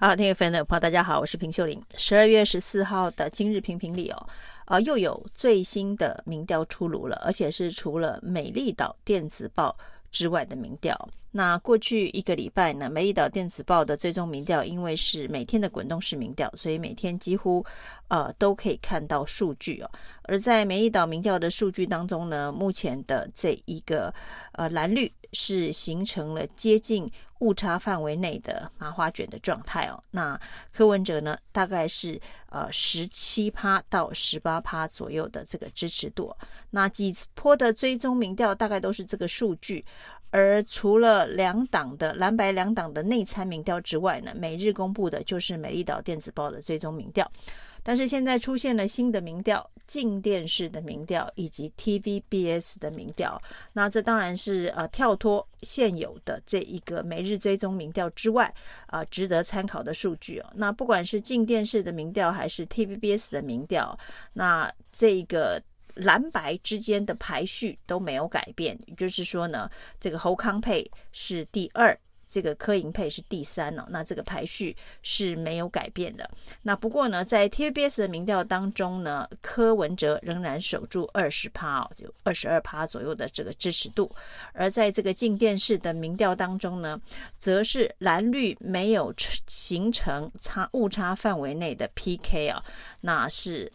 好，好，聽 FM 的朋友大家好，我是平秀琳。十二月十四號的今日評評理哦，啊、呃，又有最新的民調出爐了，而且是除了美麗島電子報之外的民調。那過去一個禮拜呢，美麗島電子報的追蹤民調，因為是每天的滾動式民調，所以每天幾乎呃都可以看到數據哦。而在美麗島民調的數據當中呢，目前的這一個呃藍綠是形成了接近誤差範圍內的麻花捲的狀態哦。那柯文哲呢，大概是呃十七趴到十八趴左右的這個支持度。那幾波的追蹤民調大概都是這個數據。而除了兩黨的藍白兩黨的內參民調之外呢，每日公布的就是美麗島電子報的追蹤民調。但是現在出現了新的民調，靜電視的民調以及 TVBS 的民調。那這當然是呃跳脫現有的這一個每日追蹤民調之外啊、呃，值得參考的數據哦。那不管是靜電視的民調還是 TVBS 的民調，那這一個。藍白之間的排序都沒有改變，也就是說呢，這個侯康配是第二，這個柯盈配是第三哦，那這個排序是沒有改變的。那不過呢，在 TVBS 的民調當中呢，柯文哲仍然守住二十趴哦，就二十二趴左右的這個支持度，而在這個鏡電視的民調當中呢，則是藍綠沒有形成差誤差範圍內的 PK 啊、哦，那是。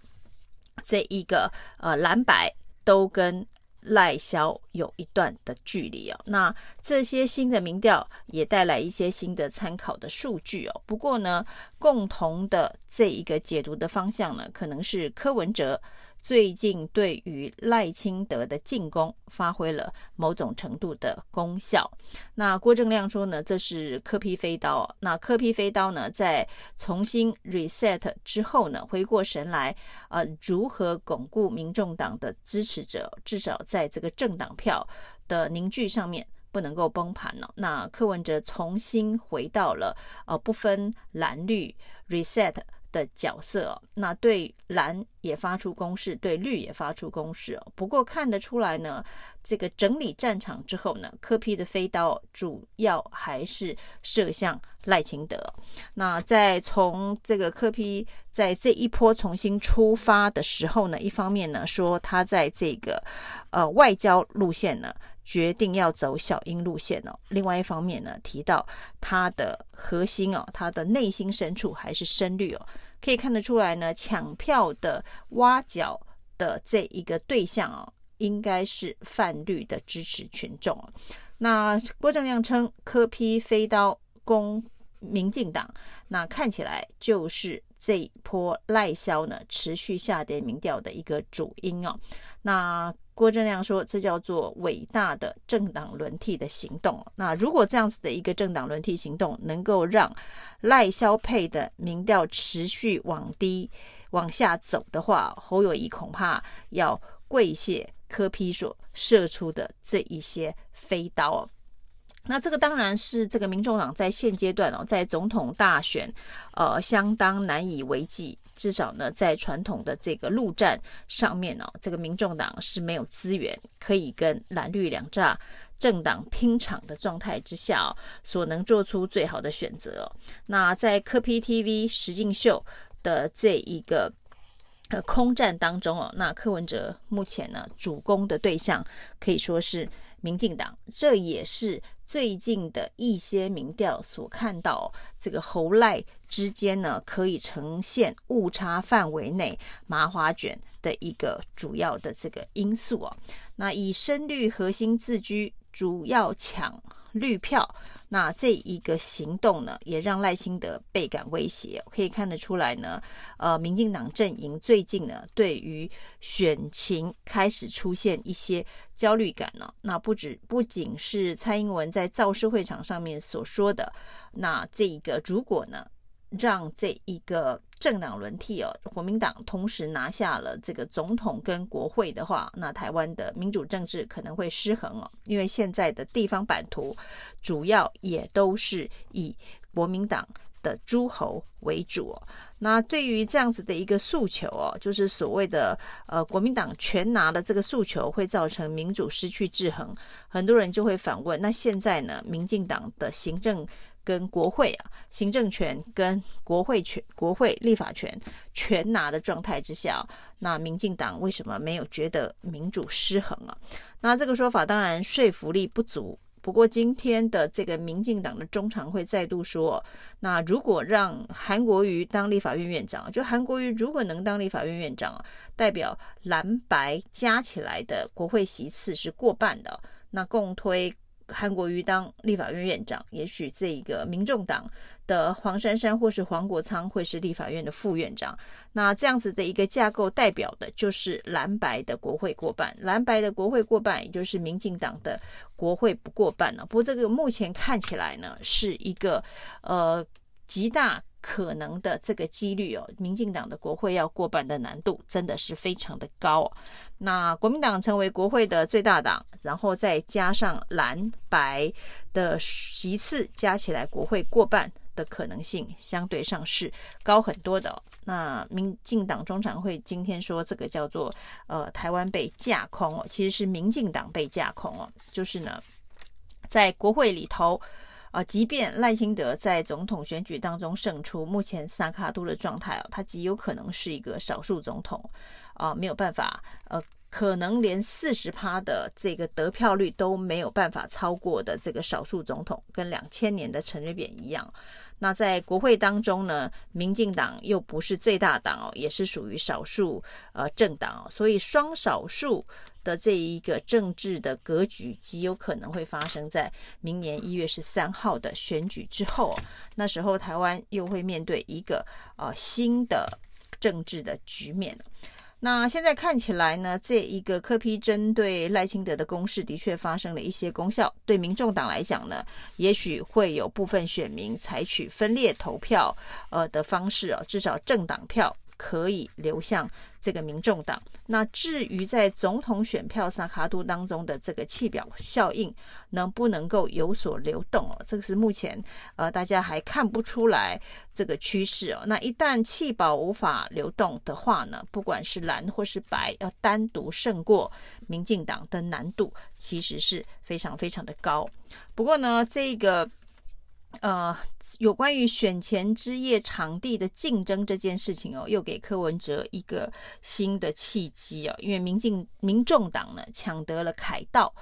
這一個呃藍白都跟賴蕭有一段的距離哦，那這些新的民調也帶來一些新的參考的數據哦，不過呢。共同的這一個解讀的方向呢，可能是柯文哲最近對於賴清德的進攻發揮了某種程度的功效。那郭正亮說呢，這是柯 P 飛刀。那柯 P 飛刀呢，在重新 reset 之後呢，回過神來，呃，如何鞏固民眾黨的支持者，至少在這個政黨票的凝聚上面。不能夠崩盤了，哦。那柯文哲重新回到了呃，不分藍綠 reset 的角色，哦，那對藍也發出攻勢，對綠也發出攻勢，哦。不過看得出來呢。這個整理戰場之後呢，柯 P 的飛刀主要還是射向賴清德。那在從這個柯 P 在這一波重新出發的時候呢，一方面呢說他在這個呃外交路線呢決定要走小英路線哦，另外一方面呢提到他的核心哦，他的內心深處還是深綠哦，可以看得出來呢搶票的挖角的這一個對象哦。應該是泛綠的支持群眾。那郭正亮稱，柯 P 飛刀攻民進黨，那看起來就是這一波賴蕭呢持續下跌民調的一個主因哦。那郭正亮說，這叫做偉大的政黨輪替的行動。那如果這樣子的一個政黨輪替行動能夠讓賴蕭配的民調持續往低往下走的話，侯友宜恐怕要跪謝。柯 P 所射出的這一些飛刀，哦，那這個當然是這個民眾黨在現階段哦，在總統大選，呃，相當難以為繼。至少呢，在傳統的這個陸戰上面呢，哦，這個民眾黨是沒有資源可以跟藍綠兩炸政黨拼場的狀態之下，哦，所能做出最好的選擇，哦。那在柯 P TV 實境秀的這一個。呃，空戰當中哦，那柯文哲目前呢，主攻的對象可以說是民進黨，這也是最近的一些民調所看到，哦，這個侯賴之間呢，可以呈現誤差範圍內麻花捲的一個主要的這個因素哦。那以深綠核心自居。主要搶綠票，那這一個行動呢，也讓賴清德倍感威脅。可以看得出來呢，呃，民進黨陣營最近呢，對於選情開始出現一些焦慮感呢、哦。那不止，不僅是蔡英文在造勢會場上面所說的，那這一個如果呢，讓這一個。政黨輪替哦，國民黨同時拿下了這個總統跟國會的話，那台灣的民主政治可能會失衡哦。因為現在的地方版圖主要也都是以國民黨的諸侯為主哦。那對於這樣子的一個訴求哦，就是所謂的呃國民黨全拿的這個訴求，會造成民主失去制衡。很多人就會反問，那現在呢，民進黨的行政跟國會啊，行政權跟國會權、國會立法權全拿的狀態之下啊，那民進黨為什麼沒有覺得民主失衡啊？那這個說法當然說服力不足。不過今天的這個民進黨的中常會再度說，那如果讓韓國瑜當立法院院長，就韓國瑜如果能當立法院院長啊，代表藍白加起來的國會席次是過半的，那共推。韓國瑜當立法院院長，也許這一個民眾黨的黃珊珊或是黃國昌會是立法院的副院長。那這樣子的一個架構，代表的就是藍白的國會過半，藍白的國會過半，也就是民進黨的國會不過半呢、啊。不過這個目前看起來呢，是一個呃極大。可能的這個幾率哦，民進黨的國會要過半的難度真的是非常的高哦。那國民黨成為國會的最大黨，然後再加上藍白的席次，加起來國會過半的可能性相對上是高很多的哦。那民進黨中常會今天說這個叫做呃台灣被架空哦，其實是民進黨被架空哦，就是呢在國會裡頭。啊，即便賴清德在總統選舉當中勝出，目前三腳督的狀態哦、啊，他極有可能是一個少數總統啊，沒有辦法，呃，可能連四十趴的這個得票率都沒有辦法超過的這個少數總統，跟兩千年的陳水扁一樣。那在國會當中呢，民進黨又不是最大黨哦，也是屬於少數呃政黨，所以雙少數。的這一個政治的格局極有可能會發生在明年一月十三號的選舉之後，啊，那時候台灣又會面對一個呃新的政治的局面。那現在看起來呢，這一個柯 P 針對賴清德的攻勢的確發生了一些功效。對民眾黨來講呢，也許會有部分選民採取分裂投票呃的方式哦，啊，至少政黨票。可以流向這個民眾黨。那至於在總統選票上卡都當中的這個棄保效應能不能夠有所流動哦？這個是目前呃大家還看不出來這個趨勢哦。那一旦棄保無法流動的話呢，不管是藍或是白要單獨勝過民進黨的難度其實是非常非常的高。不過呢，這個。呃，有關於選前之夜場地的競爭這件事情哦，又給柯文哲一個新的契機啊。因為民進民眾黨呢搶得了凱道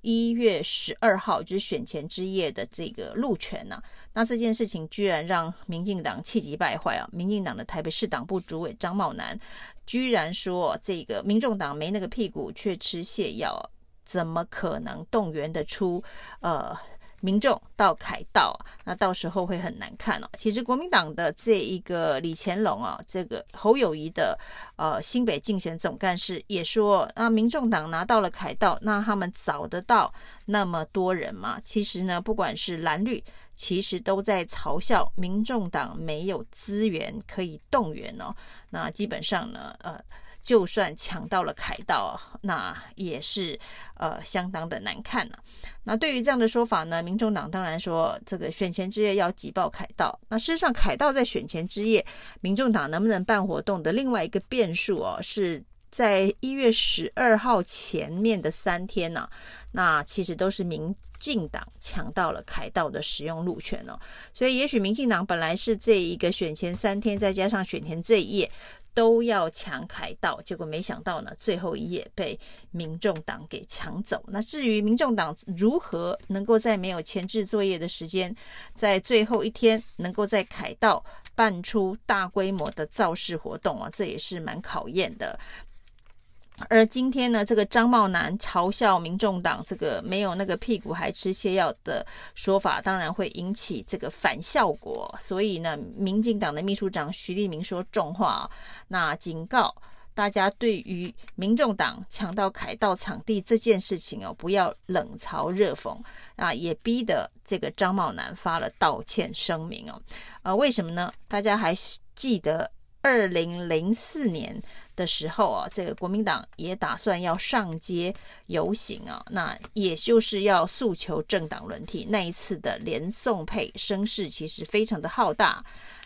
一月十二號就是選前之夜的這個路權呢啊。那這件事情居然讓民進黨氣急敗壞啊！民進黨的台北市黨部主委張茂楠居然說，這個民眾黨沒那個屁股卻吃瀉藥，怎麼可能動員得出？呃。民眾到凱道，那到時候會很難看哦。其實國民黨的這一個李乾龍啊，這個侯友宜的呃新北競選總幹事也說，那民眾黨拿到了凱道，那他們找得到那麼多人嗎？其實呢，不管是藍綠，其實都在嘲笑民眾黨沒有資源可以動員哦。那基本上呢，呃。就算搶到了凱道，哦，那也是呃相當的難看吶，啊。那對於這樣的說法呢，民眾黨當然說，這個選前之夜要擠爆凱道。那事實上，凱道在選前之夜，民眾黨能不能辦活動的另外一個變數哦，是在一月十二號前面的三天吶，啊。那其實都是民進黨搶到了凱道的使用路權哦。所以，也許民進黨本來是這一個選前三天，再加上選前這一夜，都要搶凱道，結果沒想到呢，最後一夜被民眾黨給搶走。那至於民眾黨如何能夠在沒有前置作業的時間，在最後一天能夠在凱道辦出大規模的造勢活動啊，這也是蠻考驗的。而今天呢，這個張茂南嘲笑民眾黨這個沒有那個屁股還吃瀉藥的說法，當然會引起這個反效果。所以呢，民進黨的秘書長許立明說重話，那警告大家對於民眾黨搶到凱道場地這件事情哦，不要冷嘲熱諷啊，也逼得這個張茂南發了道歉聲明哦。啊、呃，為什麼呢？大家還記得，二零零四年的時候啊，這個國民黨也打算要上街遊行啊，那也就是要訴求政黨輪替。那一次的連宋配聲勢其實非常的浩大，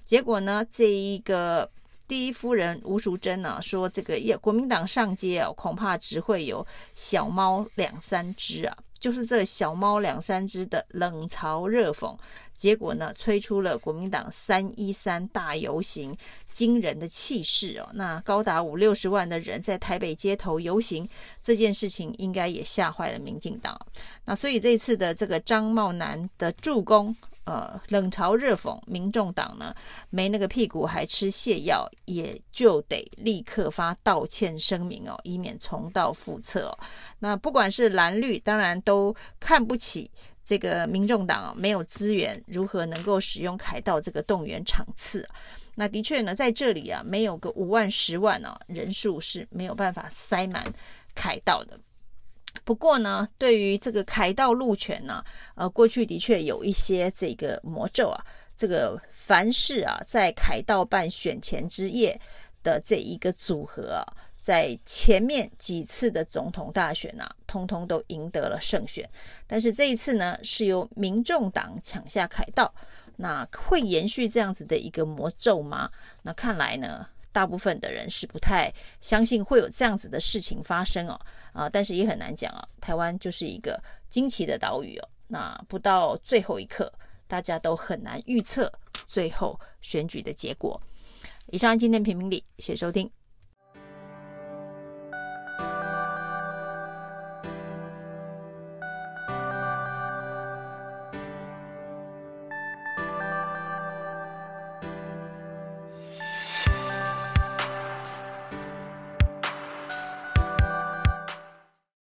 結果呢，這一個。第一夫人吳淑珍呢、啊、說：“這個要國民黨上街哦，恐怕只會有小貓兩三隻啊。”就是這小貓兩三隻的冷嘲熱諷，結果呢，催出了國民黨三一三大遊行驚人的氣勢哦。那高達五六十萬的人在台北街頭遊行，這件事情應該也嚇壞了民進黨。那所以這次的這個張茂南的助攻。呃，冷嘲熱諷，民眾黨呢，沒那個屁股還吃瀉藥，也就得立刻發道歉聲明哦，以免重蹈覆轍哦。那不管是藍綠，當然都看不起這個民眾黨哦，沒有資源，如何能夠使用凱道這個動員場次？那的確呢，在這裡啊，沒有個五萬、十萬呢哦，人數是沒有辦法塞滿凱道的。不過呢，對於這個凱道路權呢，啊，呃，過去的確有一些這個魔咒啊，這個凡是啊，在凱道辦選前之夜的這一個組合，啊，在前面幾次的總統大選啊，通通都贏得了勝選。但是這一次呢，是由民眾黨搶下凱道，那會延續這樣子的一個魔咒嗎？那看來呢，大部分的人是不太相信會有這樣子的事情發生哦，啊，但是也很難講啊，台灣就是一個驚奇的島嶼哦，那不到最後一刻，大家都很難預測最後選舉的結果。以上今天評評理，謝謝收聽。